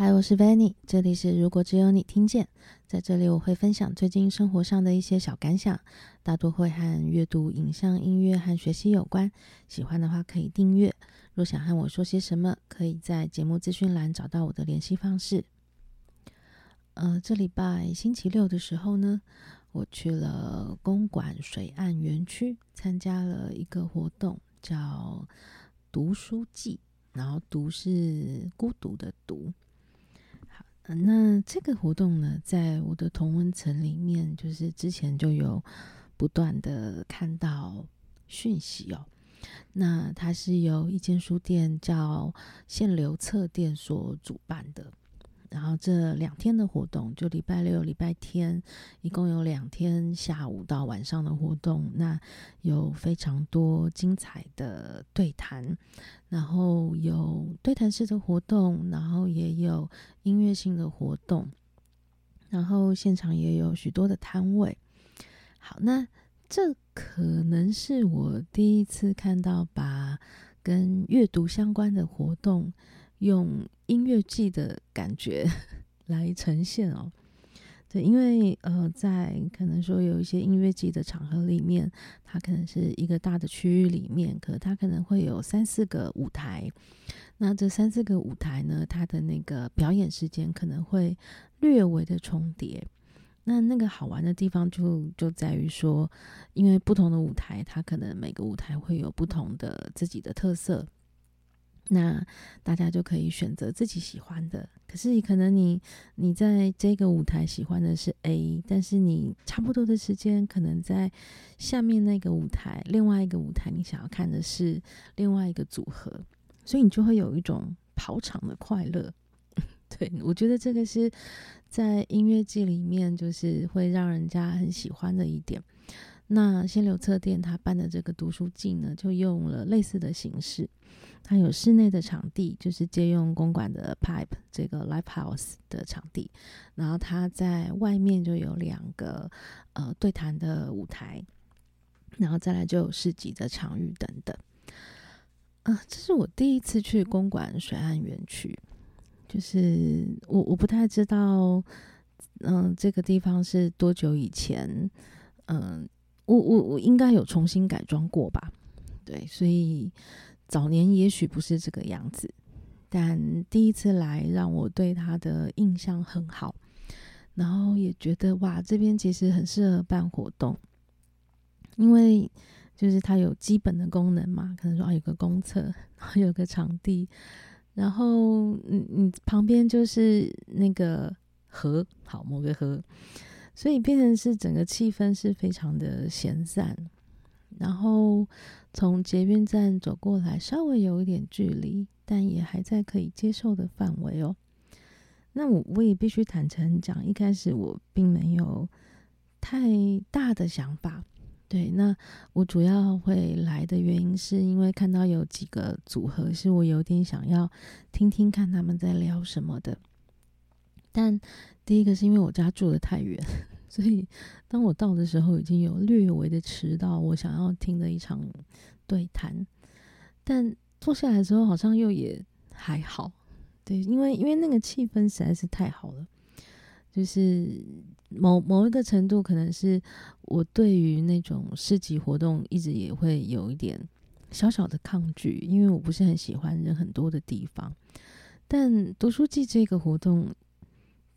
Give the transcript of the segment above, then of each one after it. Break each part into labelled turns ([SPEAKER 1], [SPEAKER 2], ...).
[SPEAKER 1] 嗨，Hi, 我是 Vanny，這裡是如果只有你聽見。在這裡，我會分享最近生活上的一些小感想，大多會和閱讀、影像、音樂和學習有關。喜歡的話可以訂閱。若想和我說些什麼，可以在節目資訊欄找到我的聯繫方式。呃，這禮拜星期六的時候呢，我去了公館水岸園區，參加了一個活動，叫獨書祭。然後獨是孤獨的獨。那這個活動呢，在我的同溫層裡面，就是之前就有不斷的看到訊息哦。那它是由一間書店叫現流冊店所主辦的。然後這兩天的活動就禮拜六、禮拜天，一共有兩天下午到晚上的活動。那有非常多精彩的對談，然後有對談式的活動，然後也有音樂性的活動，然後現場也有許多的攤位。好，那這可能是我第一次看到把跟閱讀相關的活動，用音樂祭的感覺 來呈現哦、喔，對，因為呃，在可能說有一些音樂祭的場合裡面，它可能是一個大的區域裡面，可它可能會有三四個舞台，那這三四個舞台呢，它的那個表演時間可能會略微的重疊，那那個好玩的地方就就在於說，因為不同的舞台，它可能每個舞台會有不同的自己的特色。那大家就可以選擇自己喜歡的，可是可能你你在這個舞台喜歡的是 A，但是你差不多的時間可能在下面那個舞台，另外一個舞台你想要看的是另外一個組合，所以你就會有一種跑場的快樂。 對，我覺得這個是在音樂祭裡面，就是會讓人家很喜歡的一點。那先流側店他辦的這個獨書祭呢，就用了類似的形式。它有室內的場地，就是借用公館的 pipe 這個 live house 的場地，然後它在外面就有兩個呃對談的舞台，然後再來就有市集的場域等等。啊、呃，這是我第一次去公館水岸園區，就是我我不太知道，嗯、呃，這個地方是多久以前，嗯、呃。我我我應該有重新改裝過吧，對，所以早年也許不是這個樣子，但第一次來讓我對它的印象很好，然後也覺得哇，這邊其實很適合辦活動，因為就是它有基本的功能嘛，可能說啊有個公廁，有個場地，然後嗯，嗯，旁邊就是那個河，好，某個河。所以變成是整個氣氛是非常的閒散，然後從捷運站走過來，稍微有一點距離，但也還在可以接受的範圍哦。那我我也必須坦誠講，一開始我並沒有太大的想法。對，那我主要會來的原因，是因為看到有幾個組合，是我有點想要聽聽看他們在聊什麼的。但第一個是因為我家住得太遠，所以當我到的時候已經有略微的遲到。我想要聽的一場對談，但坐下來的時候好像又也還好。對，因為因為那個氣氛實在是太好了，就是某某一個程度，可能是我對於那種市集活動一直也會有一點小小的抗拒，因為我不是很喜歡人很多的地方。但獨書祭這個活動。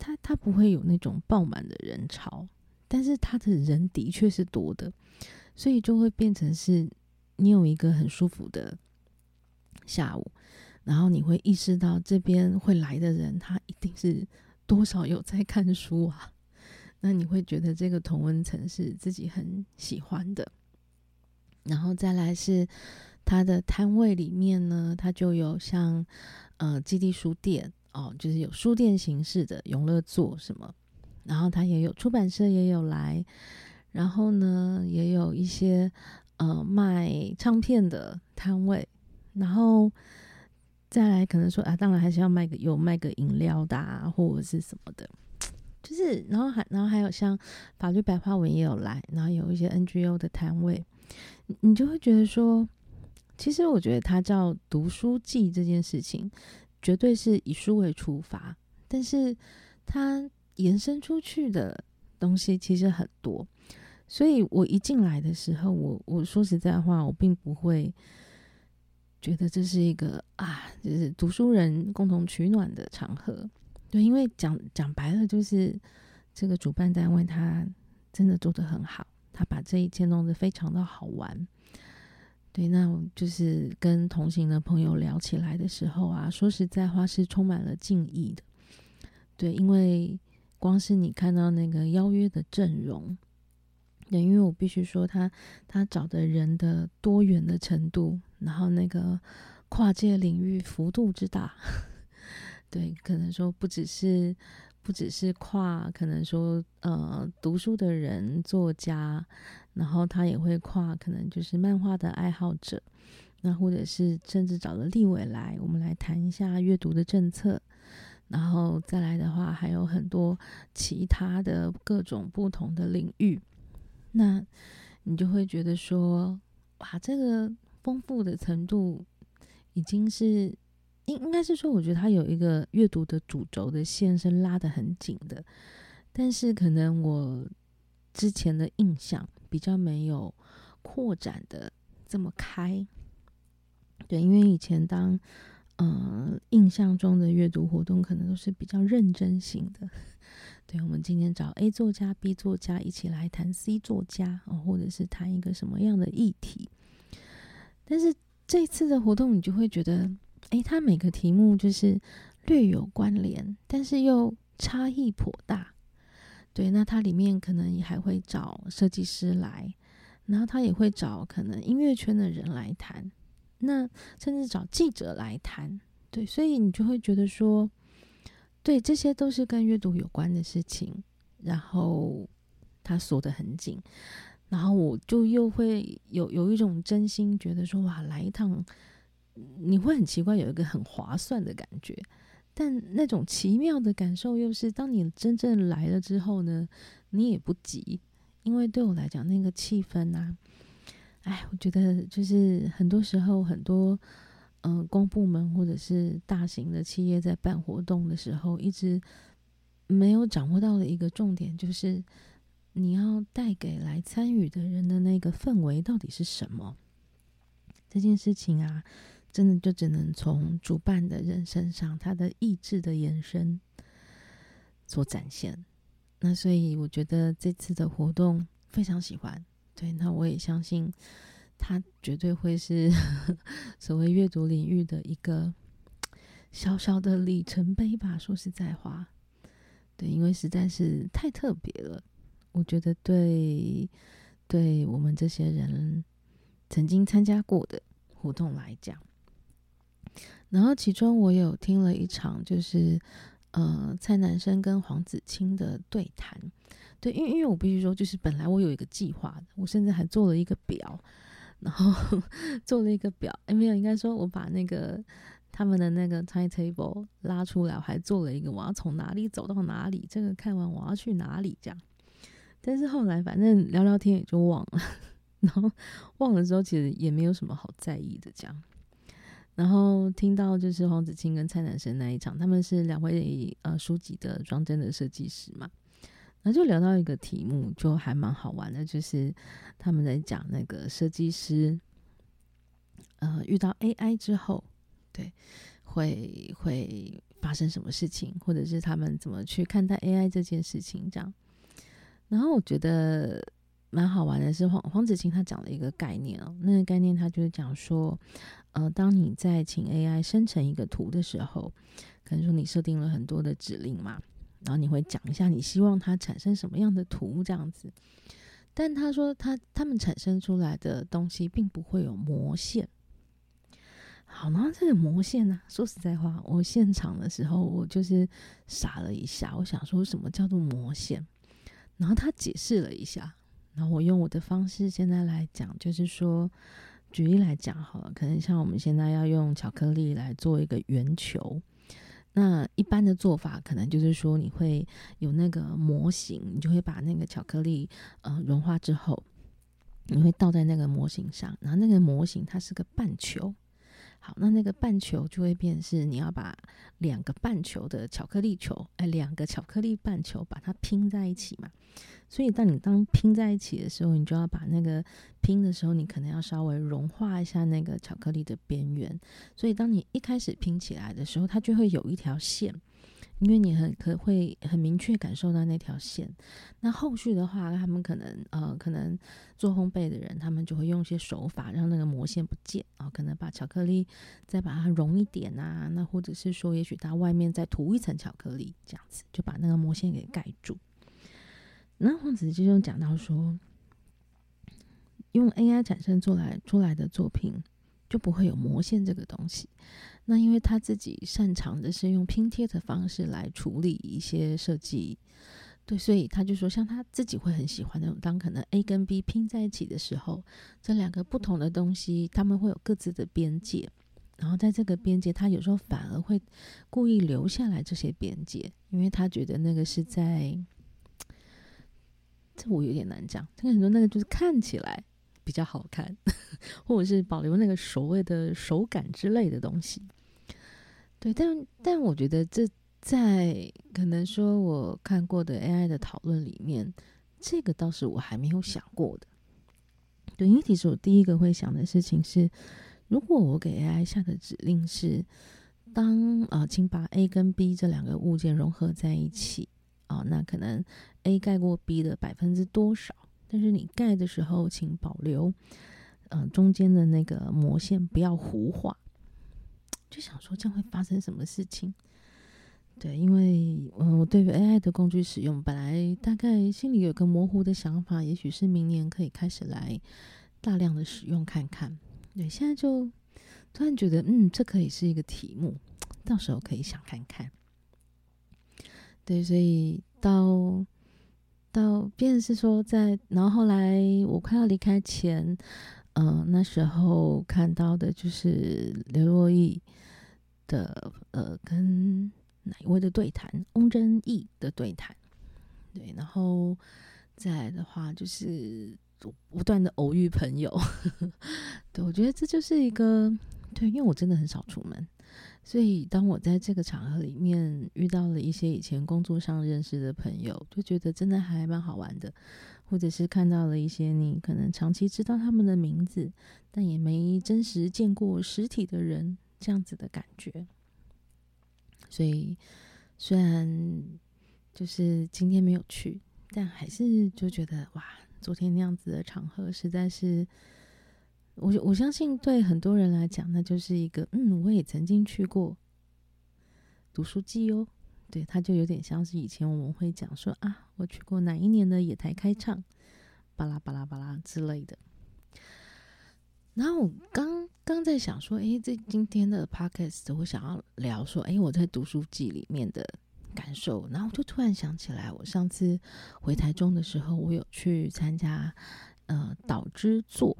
[SPEAKER 1] 它它不會有那種爆滿的人潮，但是它的人的確是多的，所以就會變成是，你有一個很舒服的下午，然後你會意識到這邊會來的人，他一定是多少有在看書啊，那你會覺得這個同溫層是自己很喜歡的，然後再來是它的攤位裡面呢，它就有像呃基地書店，哦，就是有書店形式的永樂座什麼，然後他也有出版社也有來，然後呢也有一些呃賣唱片的攤位，然後再來可能說啊，當然還是要賣個有賣個飲料的啊，或者是什麼的，就是然後還然後還有像法律白話文也有來，然後有一些 NGO 的攤位，你你就會覺得說，其實我覺得他叫獨書祭這件事情。絕對是以書為出發，但是它延伸出去的東西其實很多，所以我一進來的時候，我我說實在話，我並不會覺得這是一個啊，就是讀書人共同取暖的場合。對，因為講講白了，就是這個主辦單位他真的做得很好，他把這一切弄得非常的好玩。對，那我就是跟同行的朋友聊起來的時候啊，說實在話是充滿了敬意的。對，因為光是你看到那個邀約的陣容，對，因為我必須說他他找的人的多元的程度，然後那個跨界領域幅度之大， 對，可能說不只是。不只是跨，可能說呃，讀書的人、作家，然後他也會跨，可能就是漫畫的愛好者，那或者是甚至找了立委來，我們來談一下閱讀的政策，然後再來的話，還有很多其他的各種不同的領域，那你就會覺得說，哇，這個豐富的程度已經是。應該是說，我覺得他有一個閱讀的主軸的線是拉得很緊的，但是可能我之前的印象比較沒有擴展得這麼開。對，因為以前當嗯、呃、印象中的閱讀活動可能都是比較認真型的。對，我們今天找 A 作家、B 作家一起來談 C 作家、哦、或者是談一個什麼樣的議題，但是這次的活動你就會覺得。誒，它、欸、每個題目就是略有關聯，但是又差異頗大。對，那它裡面可能也還會找設計師來，然後他也會找可能音樂圈的人來談，那甚至找記者來談。對，所以你就會覺得說，對，這些都是跟閱讀有關的事情。然後它鎖得很緊，然後我就又會有有一種真心覺得說，哇，來一趟。你會很奇怪，有一個很划算的感覺，但那種奇妙的感受，又是當你真正來了之後呢？你也不急，因為對我來講，那個氣氛吶、啊，哎，我覺得就是很多時候，很多嗯，呃，公部門或者是大型的企業在辦活動的時候，一直沒有掌握到的一個重點，就是你要帶給來參與的人的那個氛圍到底是什麼？這件事情啊。真的就只能從主辦的人身上，他的意志的延伸所展現。那所以我覺得這次的活動非常喜歡。對，那我也相信他絕對會是，呵呵，所謂閱讀領域的一個小小的里程碑吧。說實在話，對，因為實在是太特別了。我覺得對，對我們這些人曾經參加過的活動來講。然後其中我有聽了一場，就是，呃，蔡南生跟黃子清的對談，對，因為因為我必須說，就是本來我有一個計劃的，我甚至還做了一個表，然後做了一個表，哎、欸、沒有，應該說我把那個他們的那個 timetable 拉出來，我還做了一個我要從哪裡走到哪裡，這個看完我要去哪裡這樣，但是後來反正聊聊天也就忘了，然後忘了之後其實也沒有什麼好在意的這樣。然後聽到就是黃子欽跟蔡南昇那一場，他們是兩位呃書籍的裝幀的設計師嘛，那就聊到一個題目，就還蠻好玩的，就是他們在講那個設計師，呃，遇到 AI 之後，對，會會發生什麼事情，或者是他們怎麼去看待 AI 這件事情這樣。然後我覺得蠻好玩的是黃黃子欽他講了一個概念啊、哦，那個概念他就是講說。呃，當你在請 AI 生成一個圖的時候，可能說你設定了很多的指令嘛，然後你會講一下你希望它產生什麼樣的圖這樣子。但他說他他們產生出來的東西，並不會有魔線。好，那這個魔線呢、啊？說實在話，我現場的時候我就是傻了一下，我想說什麼叫做魔線，然後他解釋了一下，然後我用我的方式現在來講，就是說。舉例來講好了，可能像我們現在要用巧克力來做一個圓球，那一般的做法可能就是說你會有那個模型，你就會把那個巧克力，呃，融化之後，你會倒在那個模型上，然後那個模型它是個半球。好，那那個半球就會變是，你要把兩個半球的巧克力球，哎，兩個巧克力半球把它拼在一起嘛。所以當你當拼在一起的時候，你就要把那個拼的時候，你可能要稍微融化一下那個巧克力的邊緣。所以當你一開始拼起來的時候，它就會有一條線。因為你很可會很明確感受到那條線，那後續的話，他們可能呃可能做烘焙的人，他們就會用一些手法讓那個模線不見啊、哦，可能把巧克力再把它融一點啊，那或者是說，也許它外面再塗一層巧克力，這樣子就把那個模線給蓋住。那黃子就用講到說，用 AI 產生做來出來的作品。就不會有魔線這個東西。那因為他自己擅長的是用拼貼的方式來處理一些設計，對，所以他就說，像他自己會很喜歡那種，當可能 A 跟 B 拼在一起的時候，這兩個不同的東西，他們會有各自的邊界，然後在這個邊界，他有時候反而會故意留下來這些邊界，因為他覺得那個是在……這我有點難講，因為很多那個就是看起來。比較好看，或者是保留那個所謂的手感之類的東西，對，但但我覺得這在可能說我看過的 AI 的討論裡面，這個倒是我還沒有想過的。對，因為其實我第一個會想的事情是，如果我給 AI 下的指令是，當啊、呃，請把 A 跟 B 這兩個物件融合在一起啊、呃，那可能 A 蓋過 B 的百分之多少？但是你蓋的時候，請保留，呃，中間的那個模線不要糊化。就想說，這樣會發生什麼事情？對，因為嗯，我對於 AI 的工具使用，本來大概心裡有個模糊的想法，也許是明年可以開始來大量的使用看看。對，現在就突然覺得，嗯，這可以是一個題目，到時候可以想看看。對，所以到。到便是說在，在然後後來我快要離開前，嗯、呃，那時候看到的就是劉若英的呃跟哪一位的對談，翁真義的對談，對，然後再來的話就是不斷的偶遇朋友， 對我覺得這就是一個對，因為我真的很少出門。所以，當我在這個場合裡面遇到了一些以前工作上認識的朋友，就覺得真的還蠻好玩的，或者是看到了一些你可能長期知道他們的名字，但也沒真實見過實體的人這樣子的感覺。所以，雖然就是今天沒有去，但還是就覺得哇，昨天那樣子的場合實在是。我我相信，對很多人來講，那就是一個嗯，我也曾經去過獨書祭哦。對，他就有點像是以前我們會講說啊，我去過哪一年的野台開唱，巴拉巴拉巴拉之類的。然後我剛剛在想說，哎，這今天的 podcast 我想要聊說，哎，我在獨書祭裡面的感受。然後我就突然想起來，我上次回台中的時候，我有去參加呃導之作。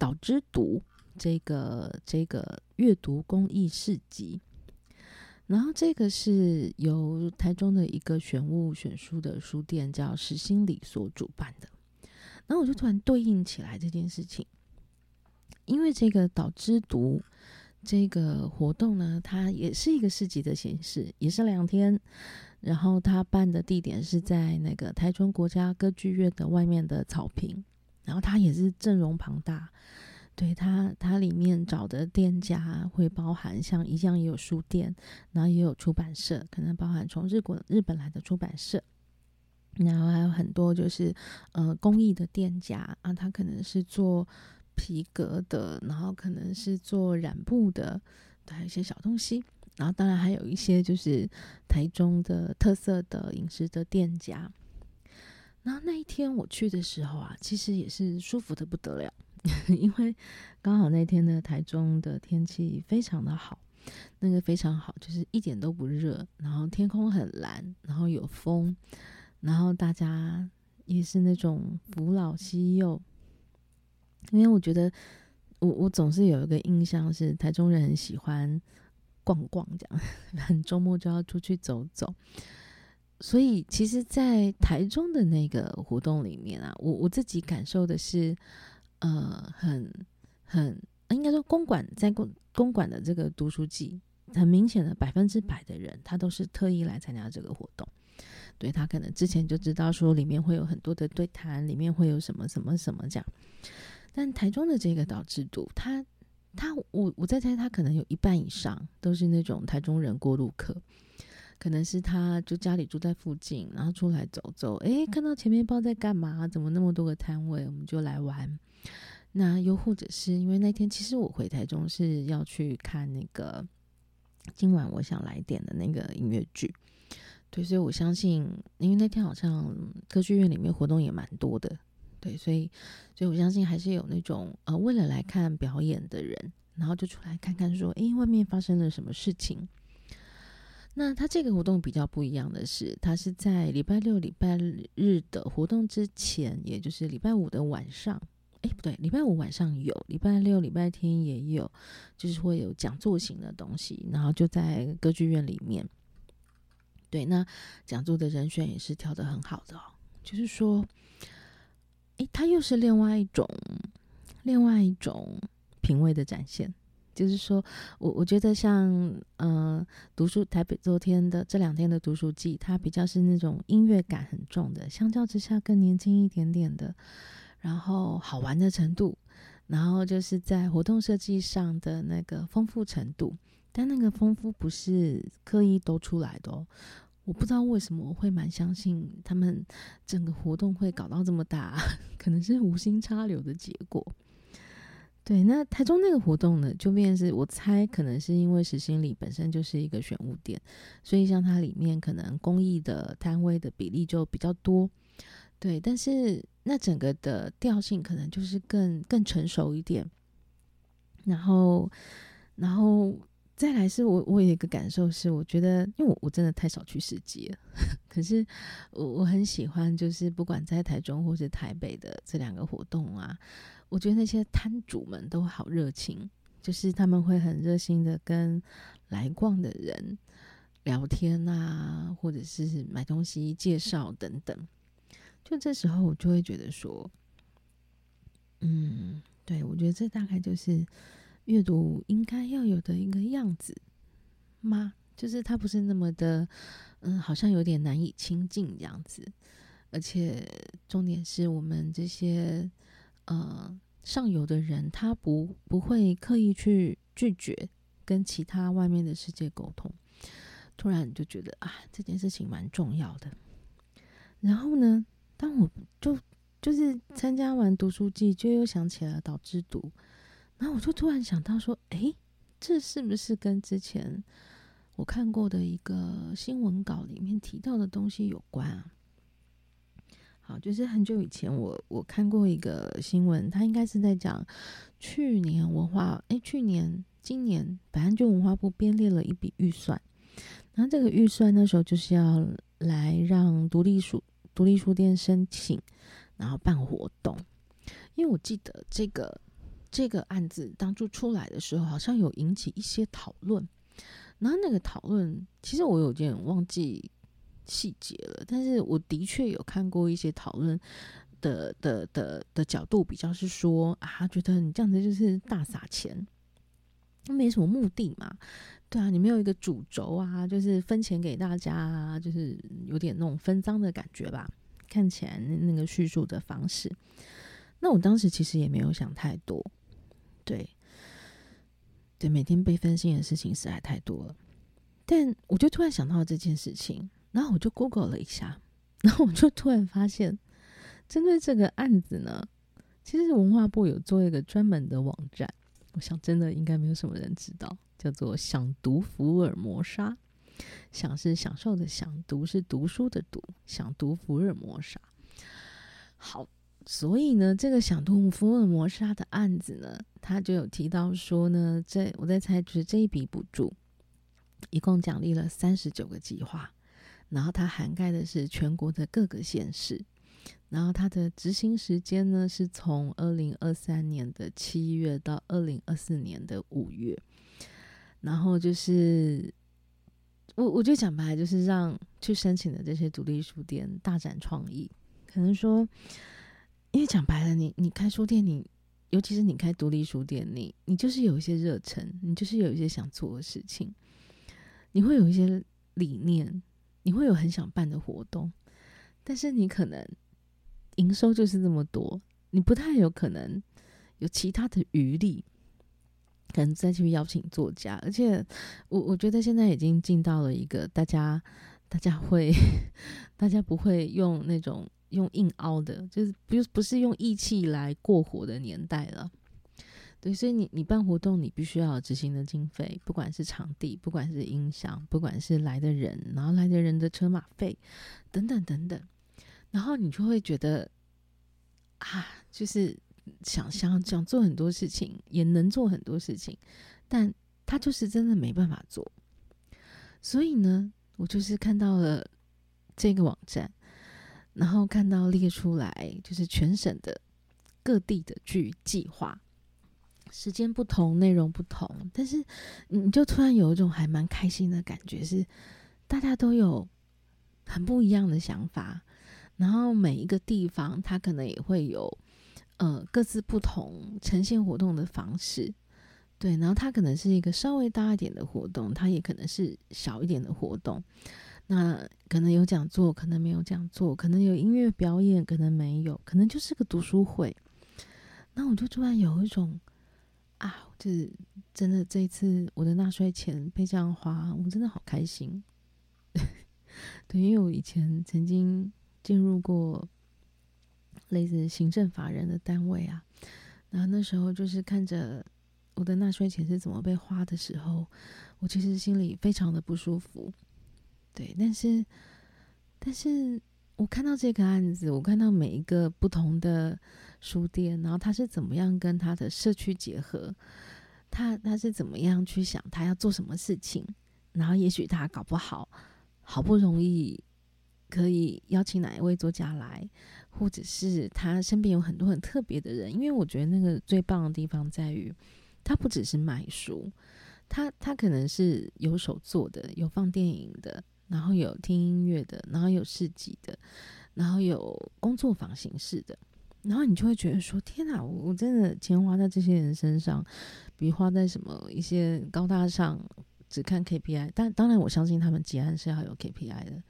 [SPEAKER 1] 導之讀這個這個閱讀公益市集，然後這個是由台中的一個選物選書的書店叫石心里所主辦的，然後我就突然對應起來這件事情，因為這個導之讀這個活動呢，它也是一個市集的形式，也是兩天，然後它辦的地點是在那個台中國家歌劇院的外面的草坪。然後它也是陣容龐大，對它它裡面找的店家會包含像一樣也有書店，然後也有出版社，可能包含從日本日本來的出版社，然後還有很多就是呃工藝的店家啊，它可能是做皮革的，然後可能是做染布的，對，還有一些小東西，然後當然還有一些就是台中的特色的飲食的店家。然後那一天我去的時候啊，其實也是舒服得不得了，因為剛好那天的台中的天氣非常的好，那個非常好，就是一點都不熱，然後天空很藍，然後有風，然後大家也是那種扶老攜幼，因為我覺得我我總是有一個印象是台中人很喜歡逛逛這樣，很周末就要出去走走。所以其實，在台中的那個活動裡面啊，我我自己感受的是，呃，很很應該說公館在公公館的這個獨書祭，很明顯的百分之百的人，他都是特意來參加這個活動，對，他可能之前就知道說裡面會有很多的對談，裡面會有什麼什麼什麼這樣。但台中的這個獨書祭，他他我我在猜，他可能有一半以上都是那種台中人過路客。可能是他就家裡住在附近，然後出來走走，誒、欸，看到前面不知道在幹嘛？怎麼那麼多個攤位？我們就來玩。那又或者是因為那天，其實我回台中是要去看那個今晚我想來點的那個音樂劇。對，所以我相信，因為那天好像歌劇院裡面活動也蠻多的，對，所以，所以我相信還是有那種呃，為了來看表演的人，然後就出來看看，說，誒、欸，外面發生了什麼事情。那他這個活動比較不一樣的是，他是在禮拜六、禮拜日的活動之前，也就是禮拜五的晚上。哎，不對，禮拜五晚上有，禮拜六、禮拜天也有，就是會有講座型的東西，然後就在歌劇院裡面。對，那講座的人選也是挑得很好的哦，就是說，哎，他又是另外一種、另外一種品味的展現。就是說，我我覺得像，嗯、呃，獨書台北昨天的這兩天的獨書祭，它比較是那種音樂感很重的，相較之下更年輕一點點的，然後好玩的程度，然後就是在活動設計上的那個豐富程度，但那個豐富不是刻意都出來的哦，我不知道為什麼我會蠻相信他們整個活動會搞到這麼大、啊，可能是無心插柳的結果。對，那台中那個活動呢，就變成我猜，可能是因為石心裡本身就是一個選物店，所以像它裡面可能工藝的攤位的比例就比較多。對，但是那整個的調性可能就是更更成熟一點，然後，然後。再來是我我有一個感受是，我覺得因為我我真的太少去市集了，可是我我很喜歡，就是不管在台中或是台北的這兩個活動啊，我覺得那些攤主們都好熱情，就是他們會很熱心的跟來逛的人聊天啊，或者是買東西介紹等等。就這時候我就會覺得說，嗯，對我覺得這大概就是。閱讀應該要有的一個樣子嗎？就是它不是那麼的，嗯，好像有點難以親近這樣子。而且重點是我們這些，呃，上游的人，他不不會刻意去拒絕跟其他外面的世界溝通。突然就覺得啊，這件事情蠻重要的。然後呢，當我就就是參加完獨書祭，就又想起了導致讀。然後我就突然想到說，誒，這是不是跟之前我看過的一個新聞稿裡面提到的東西有關啊？好，就是很久以前我我看過一個新聞，它應該是在講去年文化，誒，去年、今年，反正就文化部編列了一筆預算，然後這個預算那時候就是要來讓獨立書、獨立書店申請，然後辦活動，因為我記得這個。這個案子當初出來的時候，好像有引起一些討論。然後那個討論，其實我有點忘記細節了。但是我的確有看過一些討論的的的的、的角度，比較是說啊，覺得你這樣子就是大撒錢，沒什麼目的嘛？對啊，你沒有一個主軸啊，就是分錢給大家，啊，就是有點那種分贓的感覺吧？看起來那、那個敘述的方式。那我當時其實也沒有想太多。對，對，每天被分心的事情實在太多了。但我就突然想到這件事情，然後我就 Google 了一下，然後我就突然發現，針對這個案子呢，其實文化部有做一個專門的網站。我想，真的應該沒有什麼人知道，叫做“享讀福爾摩沙”。享是享受的享讀，讀是讀書的讀，享讀福爾摩沙。好，所以呢，這個享讀福爾摩沙的案子呢。他就有提到說呢，這我在猜、就是，這一筆補助，一共獎勵了三十九個計劃，然後它涵蓋的是全國的各個縣市，然後它的執行時間呢，是從二零二三年的七月到二零二四年的五月，然後就是我，我就講白了，就是讓去申請的這些獨立書店大展創意，可能說，因為講白了，你，你開書店你。尤其是你開獨立書店裡，你你就是有一些熱忱，你就是有一些想做的事情，你會有一些理念，你會有很想辦的活動，但是你可能營收就是那麼多，你不太有可能有其他的餘力，可能再去邀請作家。而且我我覺得現在已經進到了一個大家大家會，大家不會用那種。用硬凹的，就是不不是用義氣來過活的年代了。對，所以你你辦活動，你必須要執行的經費，不管是場地，不管是音響，不管是來的人，然後來的人的車馬費等等等等，然後你就會覺得啊，就是想想想做很多事情，也能做很多事情，但他就是真的沒辦法做。所以呢，我就是看到了這個網站。然後看到列出來，就是全省的各地的劇計劃，時間不同，內容不同，但是你就突然有一種還蠻開心的感覺是，是大家都有很不一樣的想法，然後每一個地方它可能也會有，呃，各自不同呈現活動的方式，對，然後它可能是一個稍微大一點的活動，它也可能是小一點的活動。那可能有講座，可能沒有講座，可能有音樂表演，可能沒有，可能就是個讀書會。那我就突然有一種啊，就是真的，這一次我的納稅錢被這樣花，我真的好開心。 對，因為我以前曾經進入過類似行政法人的單位啊，然後那時候就是看着我的納稅錢是怎麼被花的時候，我其實心裡非常的不舒服。對，但是，但是我看到這個案子，我看到每一個不同的書店，然後他是怎麼樣跟他的社區結合，他他是怎麼樣去想他要做什麼事情，然後也許他搞不好，好不容易可以邀請哪一位作家來，或者是他身邊有很多很特別的人，因為我覺得那個最棒的地方在於，他不只是買書，他他可能是有手做的，有放電影的。然後有聽音樂的，然後有市集的，然後有工作坊形式的，然後你就會覺得說：天哪，我真的錢花在這些人身上，比花在什麼一些高大上，只看 KPI。但當然，我相信他們結案是要有 KPI 的，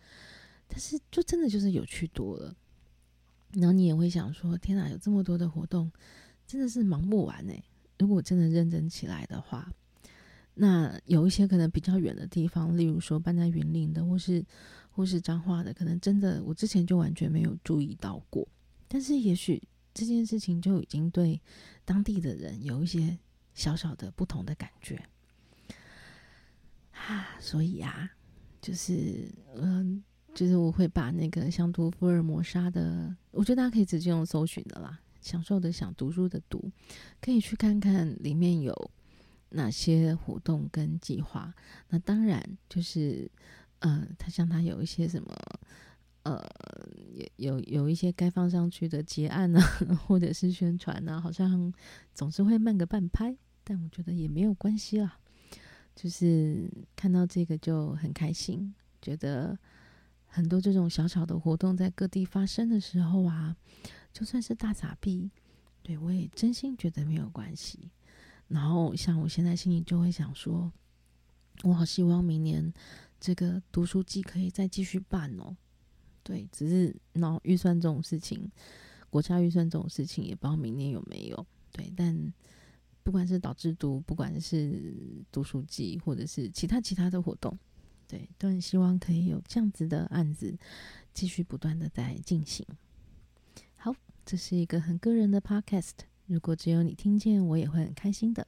[SPEAKER 1] 但是就真的就是有趣多了。然後你也會想說：天哪，有這麼多的活動，真的是忙不完誒，如果真的認真起來的話。那有一些可能比較遠的地方，例如說搬在雲林的，或是或是彰化的，可能真的我之前就完全沒有注意到過。但是也許這件事情就已經對當地的人有一些小小的不同的感覺啊！所以啊，就是嗯、呃，就是我會把那個《享讀福爾摩沙》的，我覺得大家可以直接用搜尋的啦，享受的享讀、書的讀，可以去看看裡面有哪些活動跟計劃？那當然就是，嗯、呃，他像他有一些什麼，呃，有有有一些該放上去的結案呢、啊，或者是宣傳呢、啊，好像總是會慢個半拍。但我覺得也沒有關係啦，就是看到這個就很開心，覺得很多這種小小的活動在各地發生的時候啊，就算是大雜燴，對我也真心覺得沒有關係。然後，像我現在心裡就會想說，我好希望明年這個獨書祭可以再繼續辦哦。對，只是然後預算這種事情，國家預算這種事情也不知道明年有沒有。對，但不管是導制讀，不管是獨書祭，或者是其他其他的活動，對，都很希望可以有這樣子的案子繼續不斷的在進行。好，這是一個很個人的 podcast。如果只有你聽見，我也會很開心的。